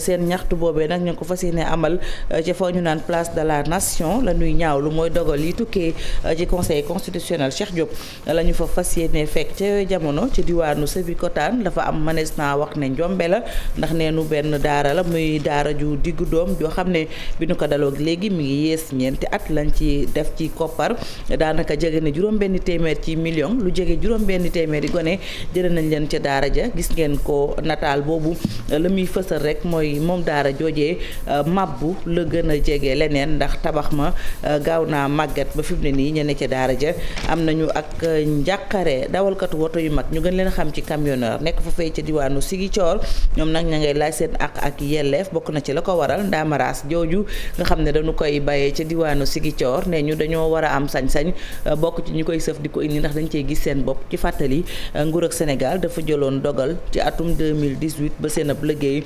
seen ñaxtu boobee nag ñu ko fas yéene amal euh, ci foo ñu naan place de la nation la ñaaw lu mooy dogal yi tukkee euh, ci conseil constitutionnel Cheikh Diop la ñu fa fas yéene fekk jamono ci diwaanu Sébikotane dafa am mënees naa wax ne njombe la ndax neenu benn daara la muy daara ju diggu doom joo xam ne bi nu ko daloo léegi mi ngi yées ñeenti at lañ ci def ci koppar daanaka jege na juróom benn téeméer ci million lu jege juróom benn téeméer yi gone jëlee nañ leen ca daara ja gis ngeen ko nataal boobu mooy moom daara joojee euh, mabbu la gën a jege leneen ndax tabax ma euh, gaaw naa màggat ba fi mu ne nii ñene ca daara ja am nañu ak euh, njàqare dawalkatu woto yu mag ñu gën leen xam ci camionneur nekk fa fay ca diwaanu Ziguinchor ñoom nag ña ngay laaj seen ak ak yelleef bokk na ci la ko waral ndaamaraas jooju nga xam ne dañu koy bàyyee ca diwaanu Ziguinchor ne ñu dañoo war a am sañ-sañ bokk ci ñu koy sëf di ko indi ndax dañ cee gis seen bopp ci fàttali nguur ak Sénégal dafa jëloon dogal ci atum 2018 ba seen ab liggéey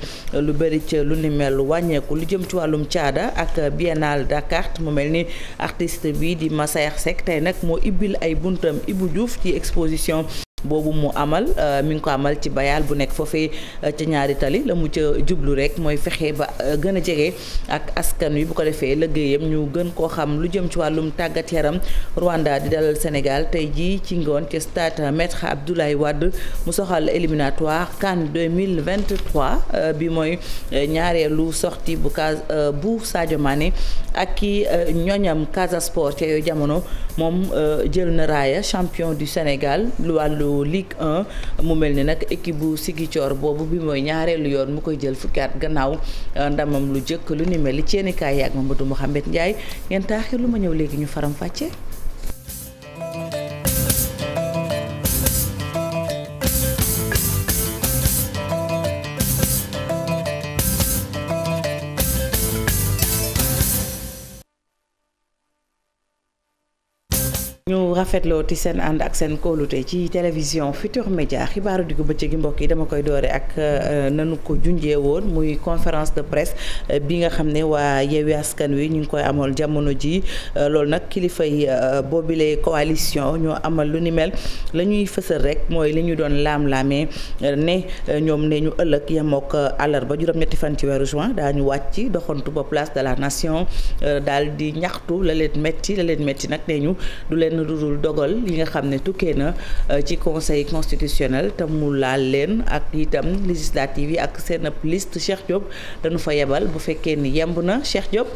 bëri ca lu ni mel wàññeeku lu jëm ci wàllum caada ak biennale Dakar mu mel ni artiste bi di Massaer Seck tey nag moo ibbil ay buntam Ibou Diouf ci exposition boobu mu amal euh, mi ngi ko amal ci bayal bu nekk foofee euh, ca ñaari tali la ca jublu rek mooy fexe ba euh, gën a jege ak askan wi bu ko defee liggéeyam ñu gën koo xam lu jëm ci wàllum tàggat yaram Rwanda di dalal Sénégal tey jii ci ngoon ci stade Maître Abdoulaye Wade mu soxal éliminatoire CAN 2023 bi mooy ñaareelu sortie bu cas bu Sadio Mané ak ki ñoñam Casa Sport ca jamono moom jël na raaya champion du Sénégal lu wàllu bu Ligue 1 mu mel ni nag équipe bu Sigicoor boobu bi mooy ñaareelu yoon mu koy jël fukki at gannaaw euh, ndamam lu jëkk lu ni mel li ceeni kaay yaag Mamadou Mouhamed Ndiaye ngeen taaxir lu ma ñëw léegi ñu faram fàcce ñu rafetloo ci seen ànd ak seen kóolute ci télévision Futur Média xibaaru diggu bëccëg gi mbokk yi dama koy doore ak euh, nanu ko junjee woon muy conférence de presse euh, bi nga xam ne waa Yewwi Askan Wi ñu ngi koy amal jamono ji euh, loolu nag kilifa yi boobile coalition ñoo amal lu ni mel la ñuy fësal rek mooy li ñu doon laam-laamee ne ñoom ne ñu ëllëg yemook àllarba juróom-ñetti fan ci weeru juin ñu wàcc doxantu ba place de la nation daal di ñaxtu la metti la lenn lu dul dogal yi nga xam ne tukkee na euh, ci conseil constitutionnel te mu laal leen ak itam législative yi ak seen liste Cheikh Diop dañu fa yebal bu fekkee ni yemb na Cheikh Diop.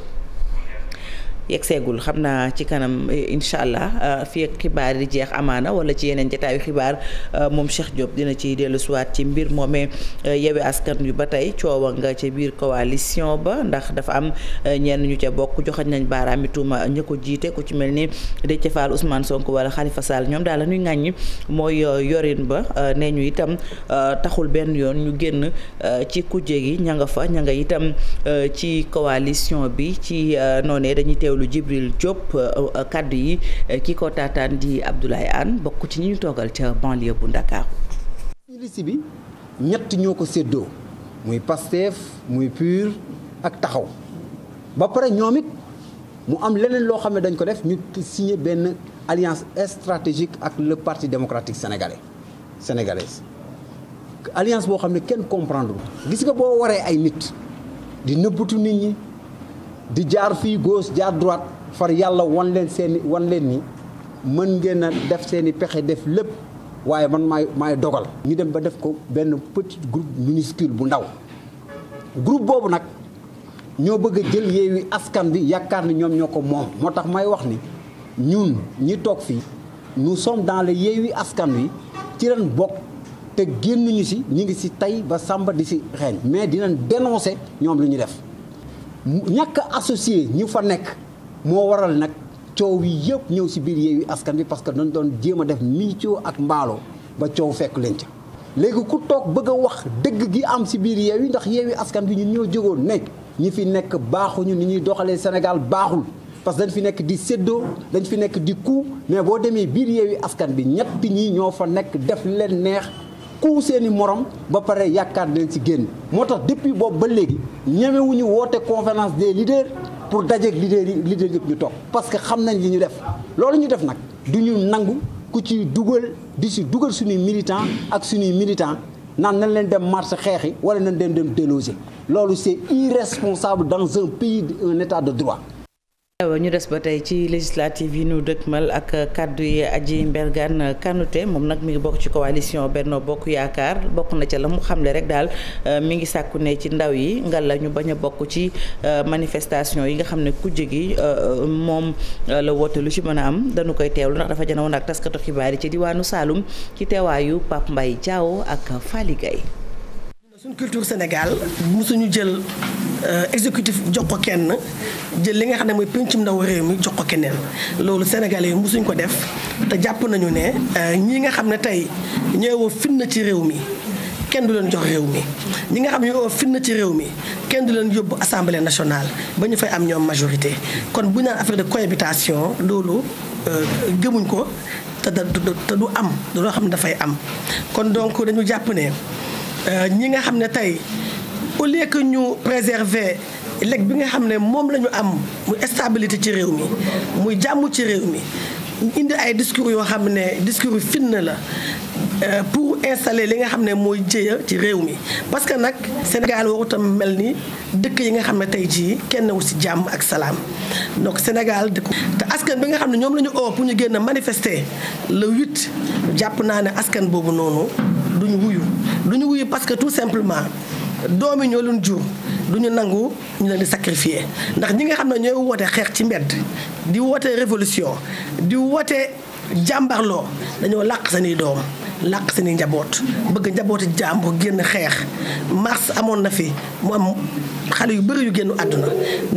yegg seegul xam naa ci kanam eh, incha allah eh, fii xibaar di jeex amaana wala ci yeneen jataayu xibaar eh, moom Cheikh Diop dina ci dellu siwaat ci mbir moomee Yewwi Askan Wi ba tey coowa nga ca biir coalition ba ndax dafa am ñenn ñu ca bokk joxañ nañ baaraam tuuma ña ko jiite ku ci mel ni Déthié Fall Ousmane Sonko wala Khalifa Sall ñoom daal la ñuy ŋàññi mooy yorin ba nee ñu itam taxul benn yoon ñu génn ci kujje gi ña nga fa ña itam ci coalition bi ci noonee dañuy teewlu njiitalu Djibril Diop euh, euh, kaddu yi euh, ki ko taataan di Abdoulaye Anne bokk ci ñi ñu toogal ca banlieue bu Ndakaaru liste bi ñett ñoo ko séddoo muy Pastef muy PUR ak taxaw ba pare ñoom it mu am leneen loo xam ne dañ ko def ñu signé benn alliance stratégique ak le parti démocratique sénégalais sénégalaise alliance boo xam ne kenn comprendre gis boo waree ay nit di nëbbatu nit ñi di jaar fii gauche jaar droite far yàlla wan leen seeni wan leen ni mën ngeen a def seeni pexe def lépp waaye man maay maay dogal. ñu dem ba def ko benn petit groupe minuscule bu ndaw group boobu nag ñoo bëgg a jël yeewi askan bi yaakaar ni ñoom ñoo ko moom moo tax may wax ni ñun ñi toog fii nous sommes dans yeewi askan wi ci ren bokk. te génn ñu si ñu ngi si tey ba sàmba di si xeeñ mais dinañ dénoncer ñoom lu ñu def ñàkk associé ñi fa nekk moo waral nag coow yi yëpp ñëw si biir Yewwi Askan Wi parce que dañu doon jéem a def miicoo ak mbaaloo ba coow fekk leen ca léegi ku toog bëgg a wax dëgg gi am si biir Yewwi ndax Yewwi Askan bi ñu ñëw jógoon ne ñi fi nekk baaxuñu ni ñuy doxalee Sénégal baaxul parce que dañ fi nekk di séddoo dañu fi nekk di coup mais boo demee biir Yewwi Askan bi ñetti ñi ñoo fa nekk def leen neex ku seeni morom ba pare yaakaar leen ci génn moo tax depuis boobu ba léegi ñemewuñu woote conférence des leaders pour dajeeg leaders yi leaders yëpp ñu toog parce que xam nañ li ñu def loolu ñu def nag du ñu nangu ku ci dugal di si dugal suñuy militant ak suñuy militant naan nañ leen dem marche xeexi wala nañ leen dem déloger loolu c'est irresponsable dans un pays un état de droit waaw ñu des ba tey ci législative yi ñu dëkkmal ak kàddu yi aji Mbergane Kanouté moom nag mi ngi bokk ci coalition benn Bokk Yaakaar bokk na ca la mu ne rek daal euh, mi ngi sàkku ne ci ndaw yi nga la ñu bañ a bokk ci euh, manifestation yi nga xam ne kujje gi euh, moom la woote lu ci mën a am dañu koy teewlu ndax dafa jëna woon ak taskatu xibaar yi ci diwaanu saalum ci teewaayu Pape mbay Diaw ak Faly Gueye jël li nga xam ne mooy pencum ndaw réew mi jox ko keneen loolu sénégalais yi mosuñ ko def te jàpp nañu ne euh, ñi nga xam ne tey ñëwoo fitna ci réew mi kenn du leen jox réew mi ñi nga xam ne ñoo fitna ci réew mi kenn du leen yóbbu assemblée nationale ba ñu fay am ñoom majorité kon bu ñu naan affaire de cohabitation loolu euh, gëmuñ ko te da du am loo xam ne dafay am kon donc dañu jàpp ne euh, ñi nga xam ne tey au lieu que ñu préserver lekk bi nga xam ne moom la ñu am muy stabilité ci réew mi muy jàmm ci réew mi indi ay discours yoo xam ne discours yu fitna la euh, pour installé li nga xam ne mooy jéya ci réew mi parce que nag Sénégal warutam mel ni dëkk yi nga xam ne tey jii kenn wu si jàmm ak salaam donc Sénégal dëkk te askan bi nga xam ne ñoom la ñu oo pour ñu génn manifester le 8 jàpp naa ne askan boobu noonu duñu wuyu duñu wuyu parce que tout simplement doomi ñoo leen jur du ñu nangu ñu leen di sacrifier ndax ñi nga xam ne ñooy woote xeex ci mbedd di woote révolution di woote jàmbarloo dañoo làq seeni doom làq seeni njaboot bëgg njabooti jàmbur génn xeex mars amoon na fi mu am xale yu bëri yu génn àdduna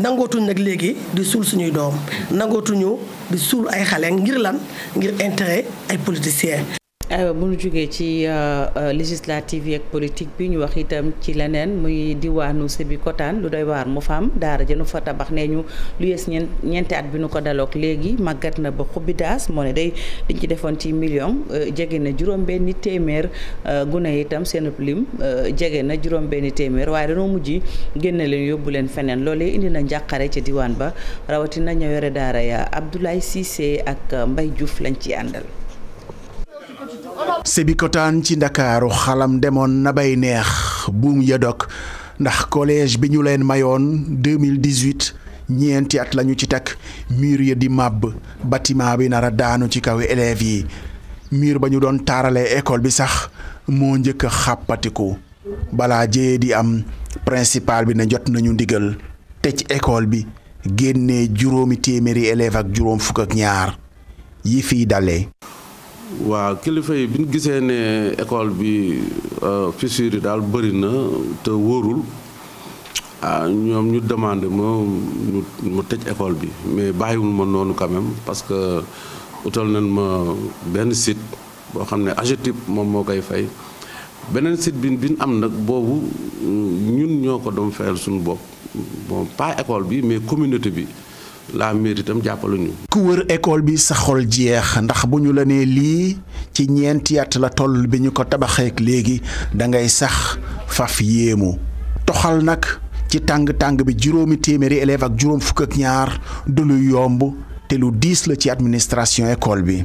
nangootuñ nag léegi di suul suñuy doom nangootuñu di suul ay xale ngir lan ngir intérêt ay politiciens. aywa euh, bu ñu jógee ci euh, euh, législative yeeg politique bi ñu wax itam ci leneen muy diwaanu sebi Sébikotane lu day waar mu faam daara jënu fa tabax nee ñu lu yees ñeent ñeenti at bi nu ko daloog léegi màggat na ba xubbi daas moo ne day liñ ci defoon ci million jege na juróom-benni téeméer gune itam seen lim jege na juróom-benni téeméer waaye dañoo mujj génne leen yóbbu leen feneen loolee indi na njàqare ca diwaan ba rawatina ña daara ya Abdoulaye Cissé ak Mbaye Diouf lañ ci àndal. Sébikotane ci ndakaaru xalam demoon na bay neex buum yadog ndax collège bi ñu leen mayoon 2018 ñeenti at lañu ci takk miir ya di màbb bâtiment bi nar a daanu ci kaw élèves yi mur ba ñu doon taaralee école bi sax moo njëkk a xàppatiku balaa jee di am principal bi na jot nañu ndigal tëj école bi génnee juróomi téeméeri élèves ak juróom fukk ak ñaar yi fiy dalee waaw kilifa yi bi ñu gisee ne école bi euh, fissure yi daal bëri na te wóorul ah, ñoom ñu demandé ma ñu ma tëj école bi mais bàyyiwul ma noonu quand même parce que utal nañ ma benn site boo xam ne AGETIP moom moo koy fay beneen site bi bi ñu am nag boobu ñun ñoo ko doon fayal suñu bopp bon pas école bi mais communauté bi. la mairie itam jàppalu ñu. ku wër école bi sa xol jeex ndax bu ñu la nee lii ci ñeenti at la toll bi ñu ko tabaxeek léegi da ngay sax faf yéemu toxal nag ci tàng-tàng bi juróomi téeméeri élève ak juróom fukk ak ñaar du lu yomb te lu diis la ci administration école bi.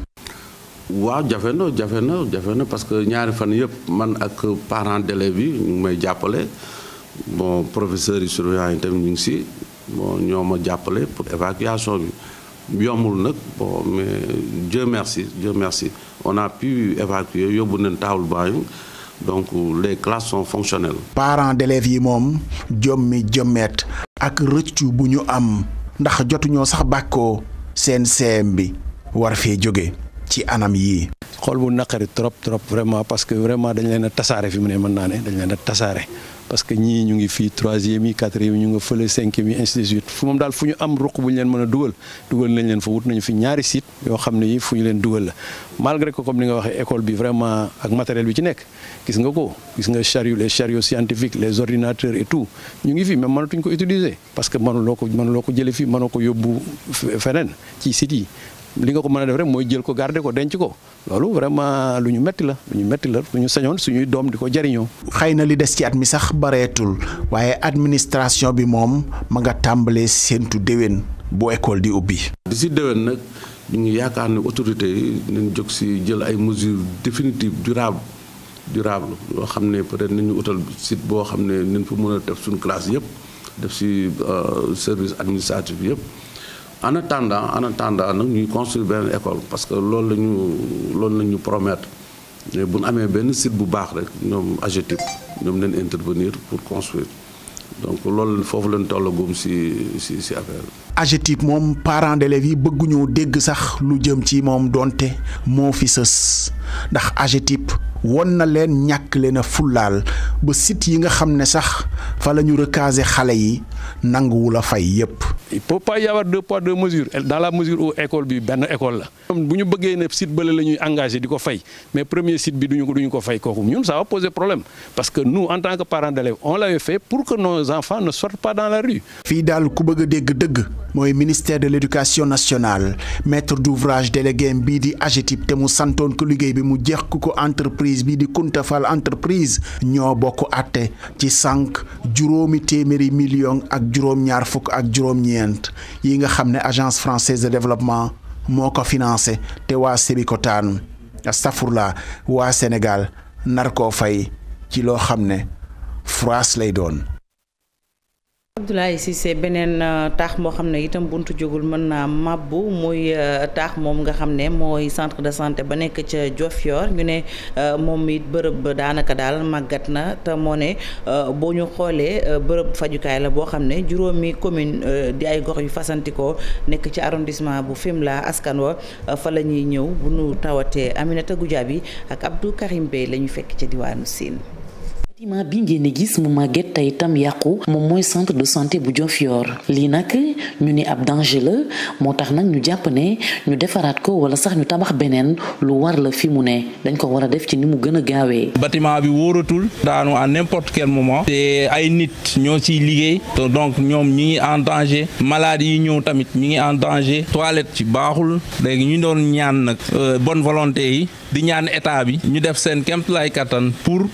waaw jafe na jafe na jafe na parce que ñaari fan yëpp man ak parents d'élèves yi ñu ngi may jàppale bon professeurs yi surveillants yi tamit ñu ngi si bon ñoo ma jàppale pour évacuation bi yombul nag bon mais Dieu merci Dieu merci on a pu évacuer yóbbu nañ table banyu donc les classes sont fonctionnelles. parents d'élèves yi moom jommi jommeet ak rëccu bu ñu am ndax jotuñoo sax bàkkoo seen CM bi war fee jóge ci anam yii. xool bu naqari trop trop vraiment parce que vraiment dañ leen tasaare fi mu ne mën naa ne dañ leen a tasaare. parce que ñii ñu ngi fii troisième yi quatrième yi ñu nga fële cinquième yi ainsi de suite fu moom daal fu ñu am ruq bu leen mën a dugal dugal nañ leen fa wut nañu fi ñaari site yoo xam ne yi fu ñu leen dugal la malgré que comme ni nga waxee école bi vraiment ak matériel bi ci nekk gis nga ko gis nga chariot les chariots scientifiques les ordinateurs et tout ñu ngi fi mais mënatuñ ko utiliser parce que mënuloo ko mënuloo ko jële fi mënoo ko yóbbu feneen ci site yi li nga ko mën a def rek mooy jël ko garde ko denc ko loolu vraiment lu ñu metti la lu ñu metti la lu ñu sañoon suñuy doom di ko jariñoo xëy na li des ci at mi sax bareetul waaye administration bi moom ma nga tàmbalee séentu déwén bu ekool di ubbi. di si déwén nag ñu yaakaar ne autorité yi nañ jog si jël ay mesures définitives durables durable loo xam ne peut-être nañu utal sit boo xam ne nañ fa mën a def suñu classe yëpp def si euh, service administratif yëpp. en attendant en attendant nag ñuy construire beneen école parce que loolu lañu ñu loolu la ñu promettre bu ñu amee benn site bu baax rek ñoom AGETIP ñoom leen intervenir pour construire donc loolu foofu lañ tollagum si si si affaire AGETIP moom parents d'élèves yi bëgguñoo dégg sax lu jëm ci moom donte moo fi sës. ndax AGETIP won na leen ñàkk leen a fullaal ba site yi nga xam ne sax fa la ñu recaser xale yi nanguwul a fay yépp il peut pas y deux poids deux mesures dans bi benn école la. bu ñu bëggee ne site engagé di ko fay mais premier site bi duñu ko duñu ko kooku ñun ça va poser que tant que parents d'élèves on l'avait fait pour que nos enfants ne sortent pas dans la rue. fii daal ku bëgg l'éducation nationale maître d'ouvrage délégué bii di AGETIP te mu santoon ko liggéey bi mu jeex ku ko entreprise bi di Kuntafal entreprise ñoo bokk àtte ci sànq juróomi téeméeri million ak juróom-ñaar fukk ak juróom-ñeent yi nga xam ne agence française de développement moo ko financé te waa Sébikotaan astafurla waa Sénégal nar koo fay ci loo xam ne France lay doon. Abdoulaye Cissé beneen euh, taax moo xam ne itam buntu jógul mën naa màbbu muy euh, taax moom nga xam ne mooy centre de santé ba nekk ca jofior ñu ne euh, moom it bërëb daanaka daal màggat na te moo ne boo ñu xoolee bërëb fajukaay la boo xam ne juróomi commune di ay gox yu fasantikoo nekk ci arrondissement bu Fimela askan wa fa la ñuy ñëw bu nu tawatee Aminata Goudiaby ak Abdou Karim Bey la ñu fekk ca diwaanu Sine bâtiment bi ngeen di gis mu màgget tey itam yàqu moom mooy centre de santé bu Diofior lii nag ñu ni ab danger la moo tax nag ñu jàpp ne ñu defaraat ko wala sax ñu tabax beneen lu war la fi mu ne dañ ko war a def ci ni mu gën a gaawee. batiment bi wóoratul daanu à n'importe quel moment te ay nit ñoo ciy liggéey donc ñoom ñi ngi en danger malade yi ñëw tamit ñi ngi en danger toilette ci baaxul léegi ñu doon ñaan nag euh, bonne volonté yi di ñaan état bi ñu def seen kéemtalaay kattan pour.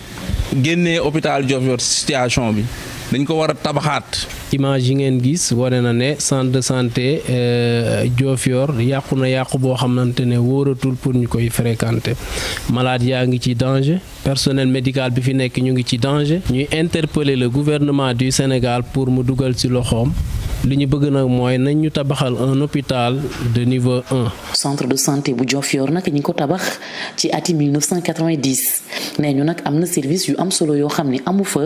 génne hôpital Diofior situation bi dañ ko war a tabaxaat. image yi ngeen gis wane na ne centre de santé euh, Diofior yàqu na yàqu boo xamante ne wóoratul pour ñu koy fréquenter malade yaa ngi ci danger personnel médical bi fi nekk ñu ngi ci danger ñuy interpeller la gouvernement du Sénégal pour mu dugal ci loxoom. li ñu bëgg nag mooy nañ ñu tabaxal un hôpital de niveau un. centre de santé bu Diofior nag ñi ko tabax ci ati 1990 nee ñu nag am na service yu am solo yoo xam ne amu fa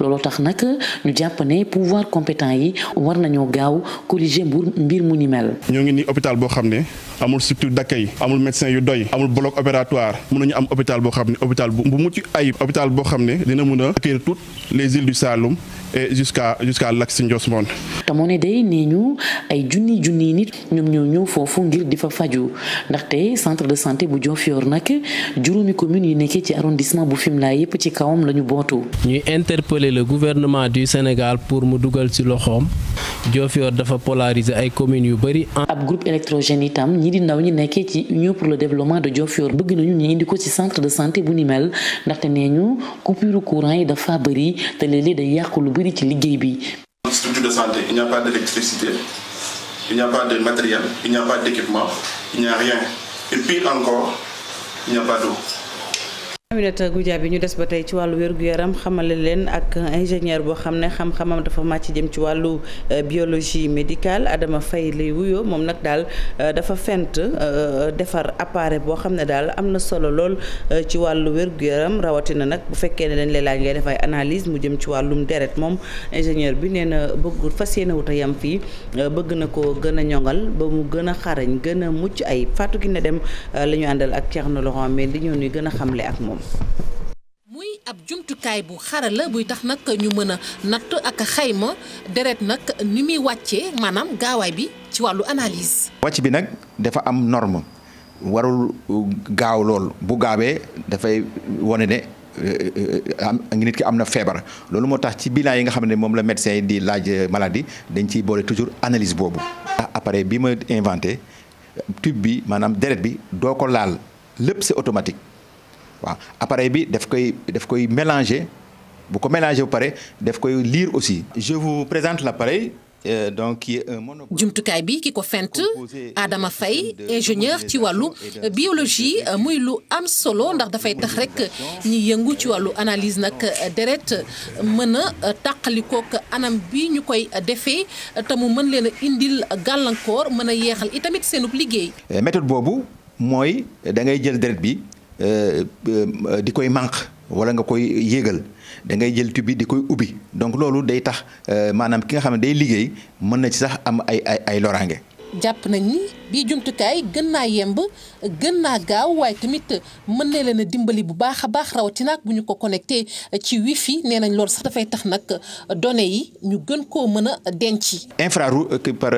looloo tax nag ñu jàpp ne pouvoir compétent yi war nañoo gaaw corriger mbir mu ni mel. ñoo ngi ni hôpital boo xam ne. amul surtout structure d'accueil amul médecin yu doy amul bloc opératoire mënuñu am hôpital boo xam ne hôpital bu mucc ay hôpital boo xam ne dina mën a accueillir toutes les îles du Saloum et jusqu'à jusqu'à l'axe Ndiosmone. tamoon day nee ñu ay junni junni nit ñoom ñoo ñëw foofu ngir di fa faju ndaxte centre de santé bu Diofior nag juróomi commune yi nekkee ci arrondissement bu Fimela yépp ci kawam la ñu bootu. ñuy interpeller la gouvernement du Sénégal pour mu dugal ci loxoom Diofior dafa polariser ay communes yu bari. ab groupe électrogène itam. ñi di ndaw ñi nekkee ci union pour le développement de Diofior bëgg nañu ñu indi ko ci centre de santé bu ni mel ndaxte nee ñu coupure courant yi dafa bëri te léeg-léeg day yàqu lu bëri ci liggéey bi. structure de santé il n'y a pas de matériel il n'y a pas et pire encore il Aminata Goudiaby ñu des ba tey ci wàllu wér-gu-yaram xamale leen ak ingénieur boo xam ne xam-xamam dafa màcc jëm ci wàllu euh, biologie médicale Adama Faye lay wuyo moom nag daal euh, dafa fent euh, defar appareil boo xam ne daal am na solo lool ci wàllu wér yaram rawatina nag bu fekkee ne dañ lay laaj ngay def ay analyse mu jëm ci wàllum deret moom ingénieur bi nee na bëgg fas yéene wut yam fii bëgg na ko gën a ñoŋal ba mu gën a xarañ gën a mucc ay Fatou Kiné Deme ñu àndal ak Thierno Laurent mais di ñu gën a xamle ak moom muy ab jumtukaay bu xarala buy tax nag ñu mën a natt ak xayma deret nag ni muy wàccee maanaam gaawaay bi ci wàllu analyse. wàcc bi nag dafa am norme warul gaaw lool bu gaawee dafay wane ne. Eh, eh, eh, am nit ki am na feebar loolu moo tax ci bilan yi nga xam ne moom la médecin yi di laaj maladie dañ ci boole toujours analyse boobu. ndax ah, appareil bi ma inventé tube bi maanaam deret bi doo ko laal lépp si automatique. waaw appareil bi daf koy daf koy mélanger bu ko mélanger bu pare daf koy liir aussi. je vous présente l'appareil Euh, donc qui est un jumtukaay bi ki ko fent Adama Faye ingénieur ci wàllu biologie muy lu am solo ndax dafay tax rek ñi yëngu ci wàllu analyse nag euh, deret mën a euh, tàqalikook anam bi ñu koy defee te mu mën leen a indil gàllankoor mën a yeexal itamit seenub liggéey. Euh, méthode boobu mooy da ngay jël deret bi. Euh, euh, di koy manque wala nga koy yégal da ngay jël tube bi di koy ubbi donc loolu day tax euh, maanaam ki nga xam ne day liggéey mën na ci sax am ay ay ay loraange. jàpp nañ ni bii jumtukaay gën naa yemb gën naa gaaw waaye tamit mën na leen dimbali bu baax a baax rawatina ak bu ñu ko connecté ci wifi nee nañ loolu sax dafay tax nag données yi ñu gën koo mën a denc. infrarouge par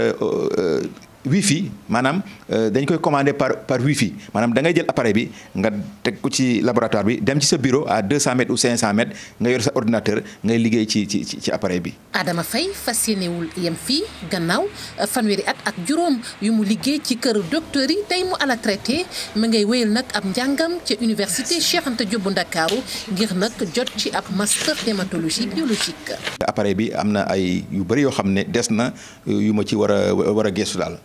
wifi maanaam. Euh, dañ koy commander par par wifi maanaam da ngay jël appareil bi nga teg ko ci laboratoire bi dem ci sa bureau à 200 mètres ou 500 mètres nga yor sa ordinateur ngay liggéey ci ci ci appareil bi. Adama Faye fas yéenewul yem fii gannaaw euh, fanweeri at ak juróom yu mu liggéey ci kër docteur yi tey mu ala traité mu ngay wéyal nag ab njàngam ca université Cheikh Anta Ndakaaru ngir nag jot ci ab master dermatologie biologique. appareil bi am na ay yu bëri yoo xam ne des na euh, yu ma ci war a war a gëstu daal.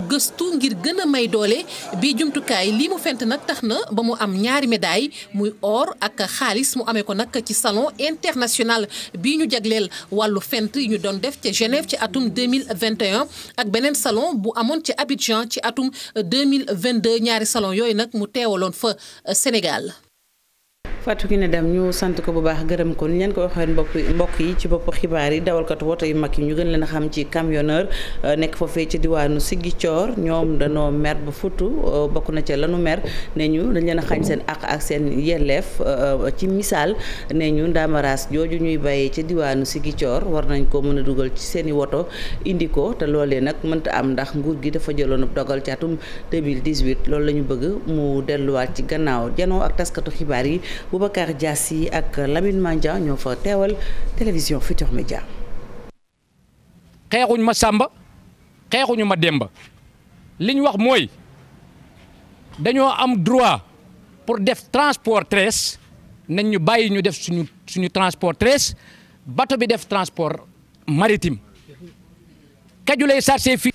doole bii jumtukaay lii mu fent nag tax na ba mu am ñaari médaille muy or ak xaalis mu amee ko nag ci salon international bii ñu jagleel wàllu fent yi ñu doon def ca Genève ci atum 2021 ak beneen salon bu amoon ci Abidjan ci atum 2022 ñaari salon yooyu nag mu teewaloon fa Sénégal Fatou ne dem ñu sant ko bu baax gërëm ko ni leen ko waxee mbokk mbokk yi ci bopp xibaar yi dawalkatu woto yu mag yi ñu gën leen a xam ci camionneur euh, nekk foofee ci diwaanu Ziguinchor ñoom danoo mer ba futu euh, bokk na ca lanu ne ñu dañ leen a xañ seen àq ak seen yelleef euh, ci misaal ne ñu ndaamaraas jooju ñuy bàyyee ca diwaanu Ziguinchor war nañ ko mën a dugal ci seen i woto indi ko te loolee nag mënta am ndax nguur gi dafa jëloon dogal ci atum 2018 loolu la ñu bëgg mu delluwaat ci gannaaw janoo ak taskatu xibaar yi Boubacar Diassi ak Lamine Mandia ñoo fa teewal télévision ox Futur Média xeexuñ ma Samba xeexuñu ma Demba liñ wax mooy dañoo am droit pour def transport terrestre nañ ñu bàyyi ñu def suñu suñu transport terrestre bato bi def transport maritim kaju lay chargé fii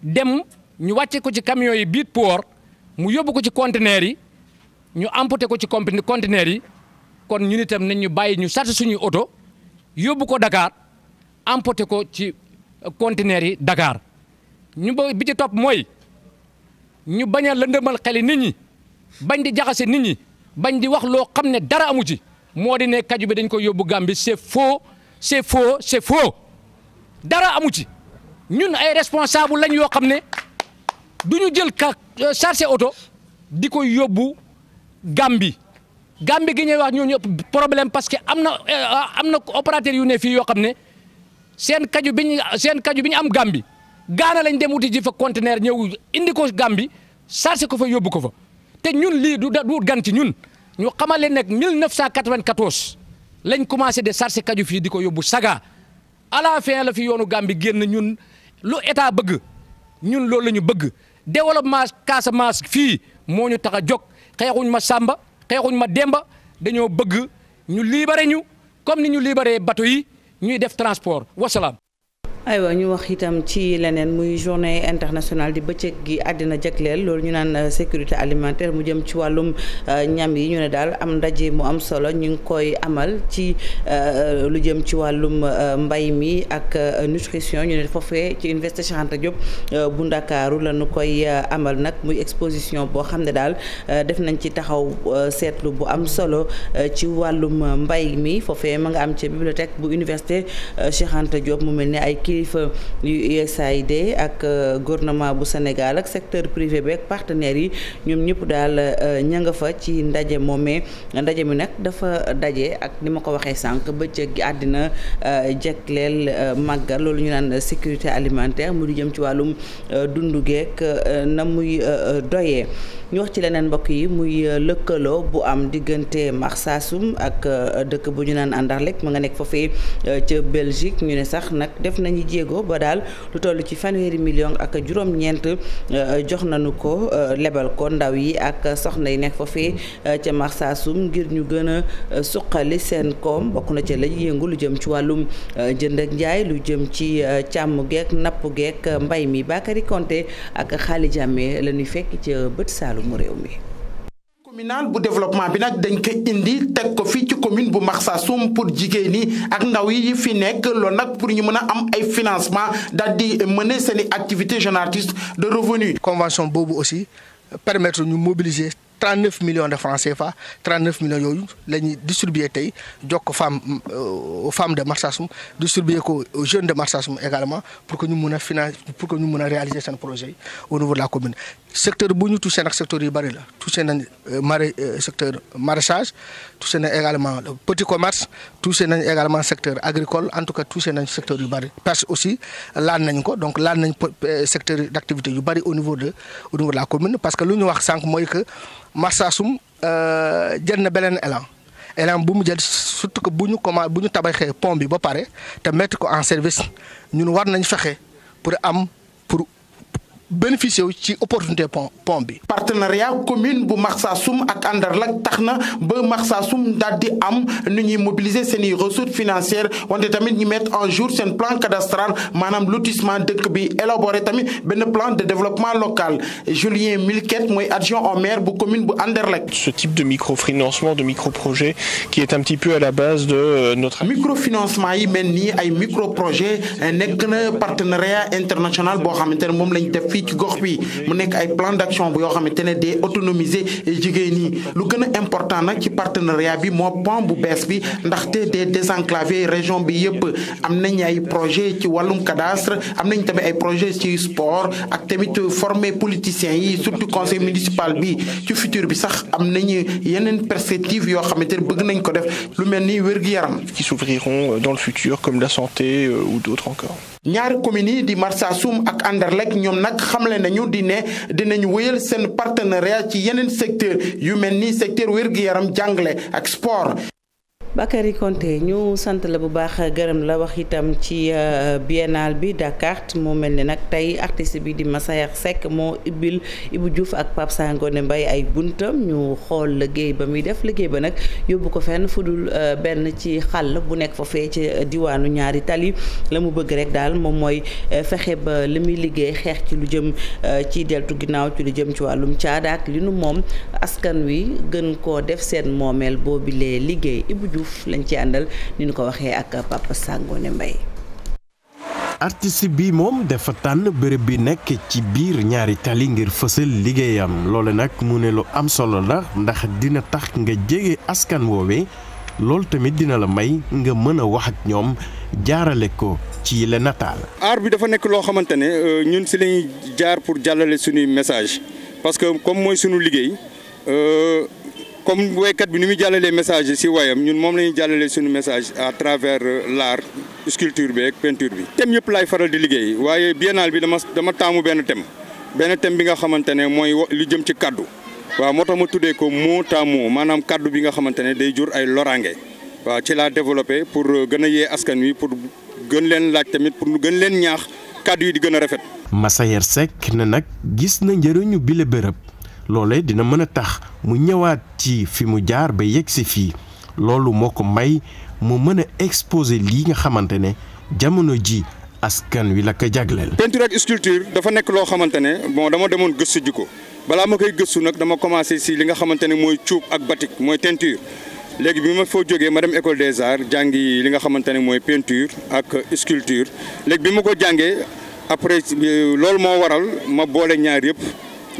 dem ñu wàcce ko ci camions yi biir port mu yóbbu ko ci conteneurs yi ñu amputé ko ci conteneur yi kon ñun itam nañ ñu bàyyi ñu chargé suñuy oto yóbbu ko dakaar amputé ko ci euh, conteneur yi Dakar ñu ba bi ci topp mooy ñu bañ a lëndëmal xeli nit ñi bañ di jaxase nit ñi bañ di wax loo xam ne dara amu ci moo di ne kaju bi dañ ko yóbbu Gambie c'est faux c'est faux c'est faux dara amu ci ñun ay responsable lañ yoo xam ne du ñu jël ka euh, chargé oto di ko yóbbu Gambie Gambie gi ñuy wax ñooñu ëpp problème parce que am na euh, am na opérateur yu ne fii yoo xam ne seen kaju bi ñu seen kaju bi ñu am Gambie Gaana lañ dem wuti ji fa conteneur ñëw indi ko Gambie ko fo yóbbu ko fa te ñun lii du du gan ci ñun ñu xamal leen nag 1994 lañ commencé de chargé kaju fii di ko yóbbu Saga à la fin la fi yoonu Gambie génn ñun lu état bëgg ñun loolu la ñu bëgg développement Casamance fii moo ñu tax a jóg. xeexuñ ma Samba xeexuñ ma Demba dañoo bëgg ñu libéré ñu comme ni ñu libéré bateau yi ñuy def transport wasalaam. aywa ñu wax itam ci leneen muy journée internationale di bëccëg gi àddina jagleel loolu ñu naan euh, sécurité alimentaire mu jëm ci wàllum euh, ñam yi ñu ne daal am ndaje mu am solo ñu ngi koy amal ci euh, lu jëm ci wàllum mbay mi ak nutrition ñu ne ci université Cheikh Anta bu Ndakaaru la ñu koy amal nag muy exposition boo xam ne daal def nañ ci taxaw seetlu bu am solo ci wàllum mbay mi foofee ma nga am ci bibliothèque bu université Cheikh Anta mu mel ni ay kii kilifa yu USAID ak euh, gouvernement bu Sénégal ak secteur privé bi ak partenaires yi ñoom ñëpp daal euh, ña nga fa ci ndaje moomee ndaje mi nag dafa daje ak ni ma ko waxee sànq bëccëg gi àddina euh, leen màggal loolu ñu naan sécurité alimentaire mu di jëm ci wàllum dundu geek na muy doyee ñu wax ci leneen mbokk yi muy lëkkaloo bu am diggante Marsassoum ak dëkk bu ñu naan Anderlecht mu nga nekk foofee ca Belgique ñu ne sax nag def nañu i jéego ba daal lu toll ci fanweeri million ak juróom-ñeent euh, jox nañu ko euh, lebal ko ndaw yi ak soxna yi nekk foofee euh, ca Marsassoum ngir ñu gën a suqali seen koom bokk na ca lañu yëngu lu jëm ci wàllum jënd ak njaay lu jëm ci càmm geek napp geek mbay mi Bakary Konté ak Xaali Jàmme lañuy ñuy fekk ca bët saalumu réew mi communal bu développement bi nag dañ ko indi teg ko fii ci commune bu Marsassoum pour jigéen ñi ak ndaw yi fi nekk loolu nag pour ñu mën a am ay financement daal di mener seen i activité génératrice de revenu convention boobu aussi permettre ñu mobiliser 39 millions de francs CFA 39 millions yooyu la ñuy distribuer tey jox ko femme euh, femme de Marsassoum distribuer ko aux de Marsassoum également pour que ñu mun a financer pour que ñu mun seen projet yi au niveau de la commune. secteur bu ñu touché nag secteur yu bëri la touché nañ euh, euh, également petit commerce touché nañ également secteur agricole en tout cas touché nañ secteur yu bëri pêche aussi laal nañ ko donc laal nañ secteur d' yu bëri au niveau de la commune parce que lu ñu wax sànq mooy que Marsassoum euh, jël na beneen élan élan bu mu jël surtout que bu ñu comment bu ñu tabaxee pom bi ba pare te mettre ko en service ñun war nañ fexe pour am. bénéficié wu ci opportunité pont pont bi. partenariat commune bu Marsassoum ak Andarlak tax na ba Marsassoum daal di am nu ñuy mobiliser seen i ressources financières wante tamit ñu mettre un jour seen plan cadastral maanaam lotissement dëkk bi élaboré tamit benn plan de développement local Julien Milquet mooy adjoint au maire bu commune bu Andarlak. ce type de microfinancement de microprojet qui est un petit peu à la base de euh, notre. microfinancement yi mel ni ay microprojet euh, nekk na partenariat international boo xamante ne moom lañ def fii ci gox bi mu nekk ay plan d'action bu yoo xamante ne day autonomiser jigéen ñi lu gën a important nag ci partenariat bi moo pont bu bees bi ndaxte des désenclavé région bi yëpp am nañ ay projet ci wàllum cadastre am nañ tamit ay projet ci sport ak tamit former politiciens yi surtout conseil municipal bi ci futur bi sax am nañu yeneen perspective yoo xamante ne bëgg nañ ko def lu mel ni wér-gu-yaram qui s'ouvriront dans le futur comme la santé euh, ou d'autres xamle nañu di ne dinañ wéyal seen partenariat ci yeneen secteur yu mel ni secteur wér-gu-yaram jàngale ak sport Bakary Konté ñu sant la bu baax gërëm la wax itam ci euh, biennale bi Dakar moo mel ni nag tey artiste bi di ma Massaer Seck moo ibbil Ibou Diouf ak Pape ne mbay ay buntam ñu xool liggéey ba muy def liggéey ba nag yóbbu ko fenn fu dul euh, benn ci xàll bu nekk fee ci diwaanu ñaari tali la mu bëgg rek daal moom mooy euh, fexe ba li muy liggéey xeex ci lu jëm ci deltu ginnaaw ci lu jëm ci wàllum caada ak li nu moom askan wi gën koo def seen moomeel boobilee liggéey Diouf lañ ci àndal ni ñu ko waxee ak Papa Sangone Mbaye bi moom dafa tànn bërëb bi nekk ci biir ñaari tali ngir fësal liggéeyam loole nag mu ne lu am solo la ndax dina tax nga jege askan woowe loolu tamit dina la may nga mën a wax ak ñoom jaarale ko ci la nataal. aar bi dafa nekk loo xamante ne euh, ñun si lañuy jaar pour jàllale suñuy message parce que comme mooy suñu liggéey. Euh, comme woykat bi ni muy jàllalee message yi si wayam ñun moom lañuy ñuy jàllalee suñu message à travers euh, laar sculpture bi ak peinture bi. thème yëpp laay faral di liggéey waaye biennale bi dama dama taamu benn thème benn thème bi nga xamante ne mooy lu jëm ci kaddu waa moo tax ma tuddee ko mot à maanaam kaddu bi nga xamante ne day jur ay loraange waaw ci laa développé pour euh, gën a yee askan wi pour gën leen laaj tamit pour gën leen ñaax kaddu yi di gën a rafet. Massayer Seck na nag gis na njëriñu bile bërëb. loolee dina mën a tax mu ñëwaat ci fi mu jaar ba yegg si fii loolu moo ko may mu mën a exposer lii nga xamante ne jamono ji askan wi la ko jagleel. peinture ak sculpture dafa nekk loo xamante ne bon dama demoon gëstu ji ko balaa ma koy gëstu nag dama commencé si li nga xamante ne mooy cuub ak batik mooy teinture. léegi bi ma foo jógee ma dem école des arts jàngi li nga xamante ne mooy peinture ak sculpture léegi bi ma ko jàngee après euh, loolu moo waral ma boole ñaar yëpp.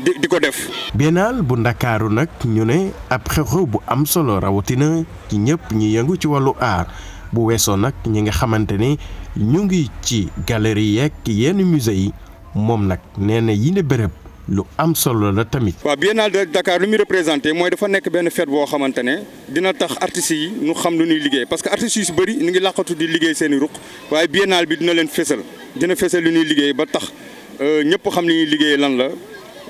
di di ko def. biennale bu ndakaaru nag ñu ne ab xew-xew bu am solo rawatina ci ñëpp ñi yëngu ci wàllu aar bu weesoo nag ñi nga xamante ni ñu ngi ci galerie yeeg yenn musée yi moom nag nee na yi ne béréb. lu am solo la tamit. waa biennale de Dakar lu muy représenté mooy dafa nekk benn fête boo xamante ne dina tax artistes yi ñu xam lu ñuy liggéey parce que artistes yu si bëri ñu ngi làqatu di liggéey seen i ruq waaye biennale bi dina leen fésal dina fésal lu ñuy liggéey ba tax euh, ñëpp xam li ñuy liggéey la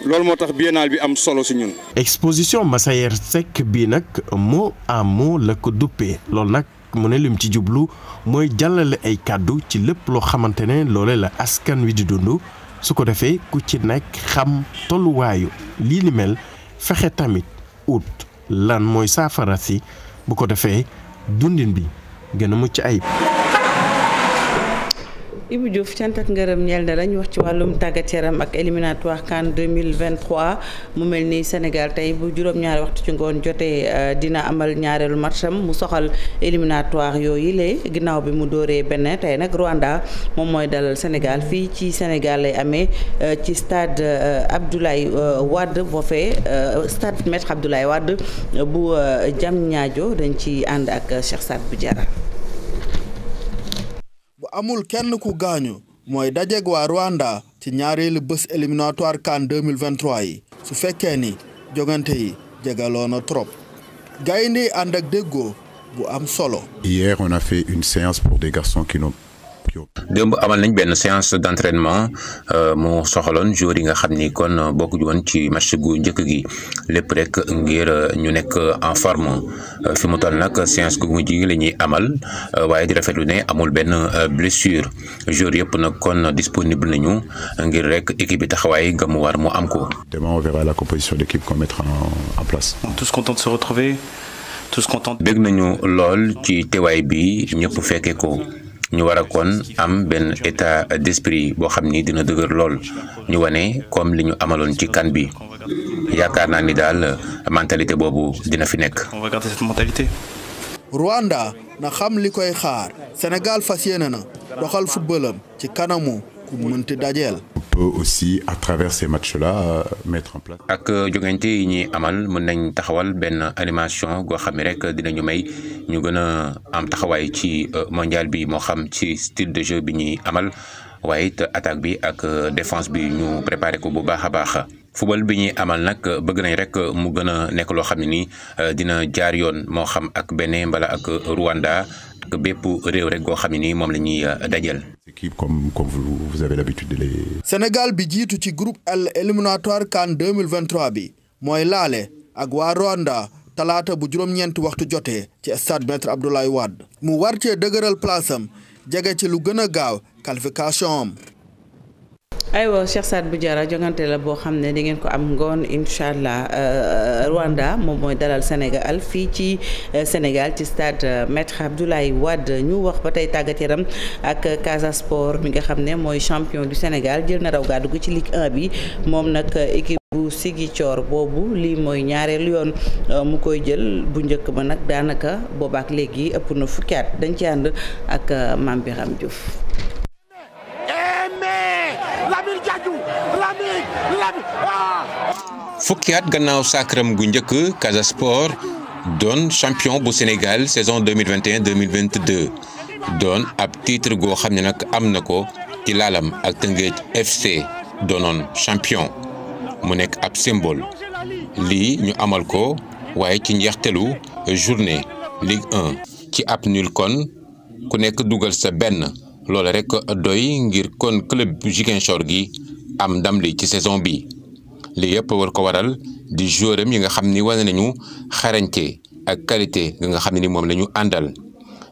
loolu moo tax biennale bi am solo si ñun. exposition Massaër Seck bii nag moo à la ko duppee loolu nag mu ne lim ci jublu mooy jàllale ay kàddu ci lépp loo xamante ne loole la askan wi di dund su ko defee ku ci nekk xam tolluwaayu lii li mel fexe tamit ut lan mooy saafara si bu ko defee dundin bi gën a mucc ayib. Ibou Diouf cant ak ngërëm ñeel na la wax ci wàllum tàggat yaram ak éliminatoire CAN 2023 mu mel ni Sénégal tey bu juróom-ñaari waxtu ci ngoon jotee euh, dina amal ñaareelu matcham mu soxal éliminatoire yooyu lée ginnaaw bi mu dooree benn tey nag Rwanda moom mooy dalal senegal fii ci Sénégal lay amee euh, ci stade euh, Abdoulaye boo foofee stade Maître Abdoulaye Wade bu jam ñaajo dañ ci ànd ak Cheikh Saad bu Diarra amul kenn ku gaañu mooy dajeeg waa Rwanda ci ñaareelu bés éliminatoire CAN 2023 yi su fekkee ni jogante yi jegaloo na trop gaynde ànd ak déggoo bu am solo. Hier, on a fait une séance pour des garçons qui Diop. démb amal nañ benn séance d' entraînement euh, mu soxaloon joueurs yi nga xam ni kon bokk ju woon ci match gu njëkk gi lépp rek ngir euh, ñu nekk en forme euh, fi mu toll nag séance gu mujj gi la ñuy amal waaye di rafetlu ne amul benn blessure joueurs yëpp nag kon disponible nañu ngir rek équipe bi taxawaay nga mu war mu am ko. demain on verra la composition d' équipe nañu lool ci teewaay bi ñëpp fekke ko. ñu war a am benn état d'esprit boo xam ni dina dëgër lool ñu wane comme li ñu amaloon ci kan bi yaakaar naa ni daal mentalité boobu dina fi nekk. On va garder na xam li koy xaar Sénégal fas yéene na doxal footballam ci kanamu ku mënti dajeel. peut aussi à travers ces matchs-là euh, ak jogante yi ñuy amal mën nañ taxawal benn animation goo xam ne rek dinañu may ñu gën a am taxawaay ci euh, mondial bi moo xam ci style de jeu bi ñuy amal waaye it attaque bi ak euh, défense bi ñu préparé ko bu baax a baax. football bi ñuy amal nag bëgg nañ rek mu gën a nekk loo xam ne nii dina jaar yoon moo xam ak Bénin mbala ak Rwanda. ak goo xam ne nii moom la ñuy euh, dajal. comme comme vous vous bi jiitu ci groupe L éliminatoire CAN 2023 bi mooy laale ak waa Rwanda talaata bu juróom-ñeenti waxtu jotee ci stade Maître Abdoulaye Wade mu war cee dëgëral place am jege ci lu gën a gaaw qualification am. aywa Cheikh bu Boudiara jongante la boo xam ne di ngeen ko am ngoon incha allah euh, Rwanda moom mooy dalal Sénégal fii ci euh, Sénégal ci stade euh, maître Abdoulaye Wade ñu wax ba tey tàggat yaram ak Casa Sport mi nga xam ne mooy champion du Sénégal jël na raw gàddu gi ci Ligue en bi moom nag équipe. bu sigi boobu lii mooy ñaareel yoon mu koy jël bu njëkk ba nag daanaka boobaak léegi ëpp na fukki at dañ ci ànd ak Mame Birame fukki at gannaaw sakram gu njëkk Casa Sport doon champion bu Sénégal saison 2021 2022 doon ab tiitre goo xam ne nag am na ko ci laalam ak Tëngéej FC doonoon champion mu nekk ab symbole lii ñu amal ko waaye ci njeextelu journée Ligue 1 ci ab nul kon ku nekk dugal sa benn loolu rek doy ngir kon club Ziguinchor gi am ndam li ci saison bi lii yëpp war ko waral di joueuram yi nga xam ni wane nañu xarañte ak qualité nga xam ne ni moom la ñu àndal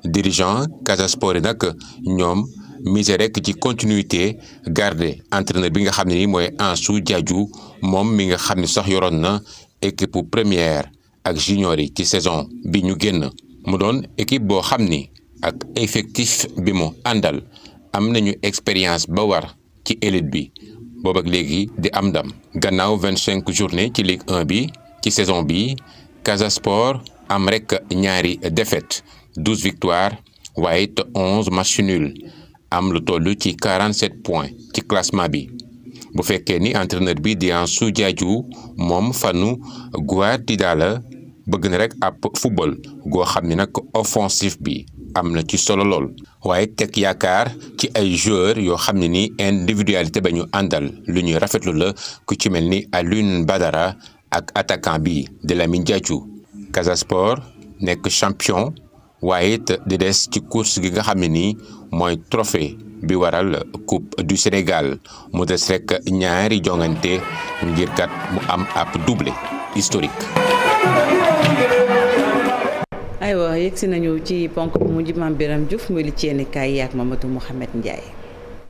dirigeant Casa yi nag ñoom mise rek ci continuité garder entraîneur bi nga xam ne ni mooy Ansu Diatta moom mi nga xam ni sax yoroon na équipe première ak junior yi ci saison bi ñu génn mu doon équipe boo xam ni ak effectif bi mu àndal am nañu expérience ba war ci élite bi boobu ak léegi di am dam gannaaw vingt cinq journée ci Ligue bi ci saison bi Casa Sport am rek ñaari défaite douze victoire waaye te onze match nul am lu toll ci quarante sept points ci classement bi. bu fekkee ni entraîneur bi di Ansu Jaaju moom fanu Guardiola bëgg na rekk ab football goo xam ne nag offensif bi am na ci solo lool waaye teg yaakaar ci ay joueurs yoo xam ne ni individualité ba ñu àndal lu ñuy rafetlu la ku ci mel ni Alioune Badara ak attaquant bi de Lamine Diathio Casa Sport nekk champion waaye it di des ci course gi nga xam ne nii mooy trophée bi waral coupe du Sénégal mu des rek ñaari jongante ngir kat mu am ab doublé historique aywa yegsi nañu ci ponk bu mujj Mame Birame Diouf muy li ci yéen kaay yaak Mamadou Mouhamed Ndiaye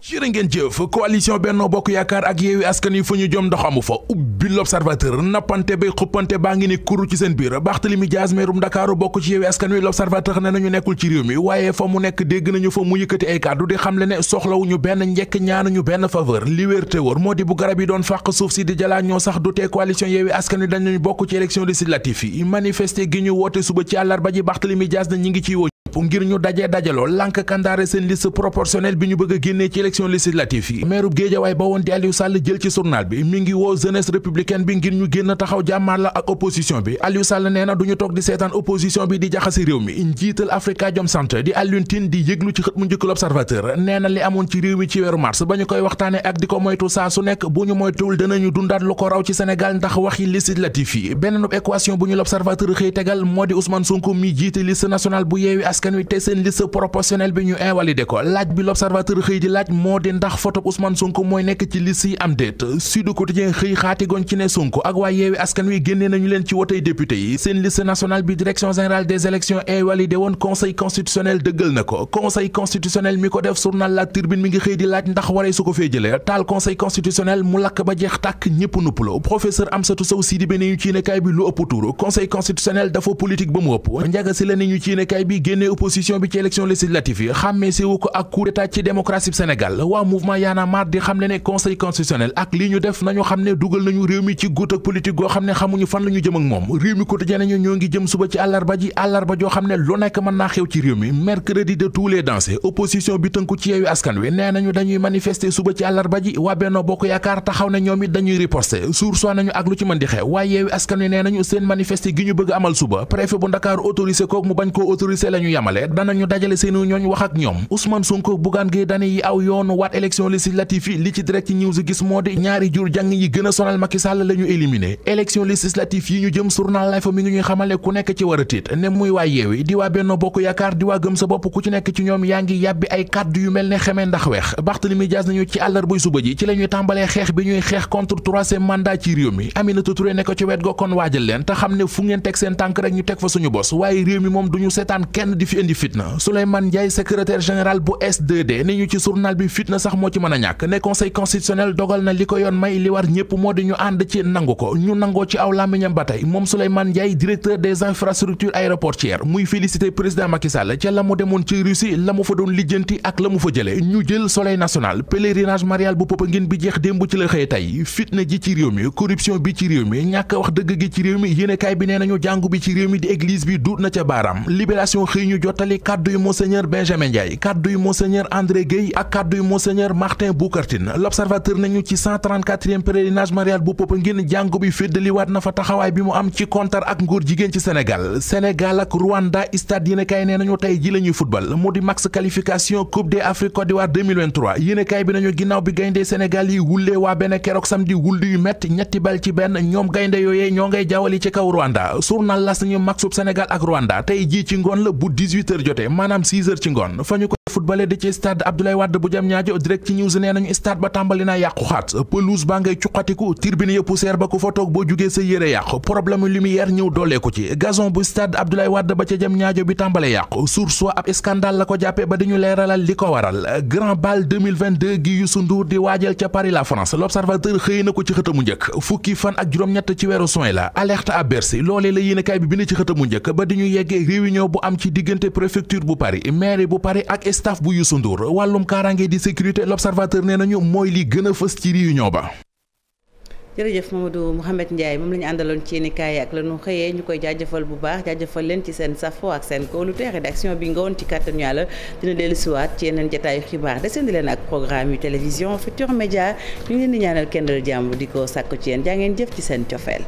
jërë ngeen jëf coalition Benno Bokk Yaakaar ak Yewwi Askan Wi fu ñu jëm ndox amu fa ubbi l'observateur nappante bay xuppante baa ngi ne kuru ci seen biir Barthélémy Dias meerum Ndakaaru bokk ci Yewwi Askan Wi l'observateur ne nañu nekkul ci réew mi waaye fa mu nekk dégg nañu fa mu yëkkati ay kàddu di xamle ne soxlawuñu benn njekk ñaanuñu benn faveur li wér moo di bu garab yi doon fàq suuf si di jalaa ñoo sax du tee coalition Yewwi Askan Wi dañu bokk ci élection législative woote suba ci àllarba ji Barthélémy Dias na ñi ngi ciy woo ngir ñu dajee dajaloo lànk kandaare seen liste proportionnelle bi ñu bëgg génnee ci élection législative yi maire Géejawaay ba woon di Aliou jël ci journal bi mi ngi woo jeunesse républicaine bi ngir ñu génn taxaw jàmmaar la ak opposition bi Aliou nee na du toog di seetaan opposition bi di jaxasi réew mi njiital Africa Jom Center di Alioune di yëglu ci xët mu njëkk l'Observateur nee na li amoon ci réew mi ci weeru mars ba ñu koy waxtaane ak di askan te seen liste proportionnelle bi ñu invalidé ko laaj bi l'observateur xëy di laaj moo di ndax photo Ousmane Sonko mooy nekk ci liste yi am déet Sud Quotidien xëy xaatigoon ci ne Sonko ak waa yeewi askan wi génnee nañu leen ci wotey député yi seen liste nationale bi direction générale des élections invalidé woon conseil constitutionnel dëggal na ko conseil constitutionnel mi ko def journal La Tribune mi ngi xëy di laaj ndax waree su ko fee jëlee taal conseil opposition bi ci élection législative yi xàmmee séwu ko ak coup d'état ci démocratie Sénégal waa mouvement Y di xam ne conseil constitutionnel ak xam ne dugal nañu réew mi ci guut ak politique goo xam ne xamuñu fan la jëm ak moom réew mi quotidien nañu ñoo ngi jëm suba ci àllarba ji àllarba xam ne lu nekk mën naa xew ci réew mi mercredi de tous les opposition bi tënku ci yeewu askan wi nee nañu dañuy manifester suba ci àllarba ji waa Benno Bokk ko yamale danañu dajale seeni ñooñ wax ak ñoom Ousmane Sonko Bougane Gueye Dany yi aw yoonu waat élection législative yi li ci direct news gis moo di ñaari jur jàng yi gën sonal Macky Sall la ñu éliminé élection yi ñu jëm journal Life mi ngi ñuy xamale ku nekk ci war ne muy waa yeewi di waa Benno Bokk Yaakaar di waa gëm sa bopp ku ci nekk ci ñoom yaa ngi yàbbi ay kàddu yu mel ne xemee ndax weex Barthélémy Dias nañu ci àllarba suba fi indi fitna Souleymane Ndiaye secrétaire général bu S2D ni ñu ci journal bi fitna sax moo ci mën a ñàkk ne conseil constitutionnel dogal na li ko yoon may li war ñëpp moo di ñu ànd ci nangu ko ñu nangoo ci aw làmmiñam ba tey moom Souleymane Ndiaye directeur des infrastructures aéroportières muy félicité président Macky Sall ca la mu demoon ci Russie la mu fa doon lijjanti ak la mu fa jële ñu jël soleil national pèlerinage marial bu Popenguine bi jeex démb ci la xëy tey bi ci réew mi ñàkk wax dëgg gi ci réew mi bi nee nañu jàngu bi ci ñuy jottali kàddu yu monseigneur Benjamin Ndiaye kàddu yu monseigneur Martin Boucar l'observateur nañu ci 134e pèlerinage marial bu Popenguine jàngu bi féddaliwaat na fa taxawaay bi mu am ci kontar ak ngóor jigéen ci Sénégal Sénégal ak Rwanda stade yéen kaay nañu tey ji la ñuy football mu di max qualification coupe d'Afrique Côte d'Ivoire 2023 yéen kaay bi nañu ginnaaw bi gayndee Sénégal yi wullee waa benn keroog samedi wulli yu metti ñetti bal ci benn ñoom gaynde 18 heures jotee maanaam 6 heures ci ngoon fa ñu ko footballé di ci stade Abdoulaye Wade bu jam ñaajo direct ci news nee nañu stade ba tàmbali naa yàqu xaat pelouse baa ngay cuqatiku turbine yëpp ba ku fa toog boo jugee sa yére yàqu problème lumière ñëw dooleeku ci gazon bu stade Abdoulaye Wade ba ca jam ñaajo bi tàmbale yàqu source ab scandale la ko jàppe ba di ñu leeralal li ko waral grand bal 2022 gi di waajal ca Paris la France l'observateur xëy na ko ci xëtamu njëkk fukki fan ak juróom staff bu Youssou Ndour wàllum kaaraange di sécurité l'observateur nee nañu mooy li gën a fës ci réunion ba jërëjëf Mamadou Mouhamed Ndiaye moom la ñu àndaloon ci yéen kaay ak la ñu xëyee ñu koy jaajëfal bu baax jaajëfal leen ci seen safo ak seen lu kóolute rédaction bi nga woon ci kàttanu yàlla dina dellusiwaat ci yeneen jataayu xibaar desandi leen ak programme yu télévision Futurs Médias ñu ngi leen di ñaanal kenn dal di ko sàkku ci yéen jaa ngeen jëf ci seen cofeel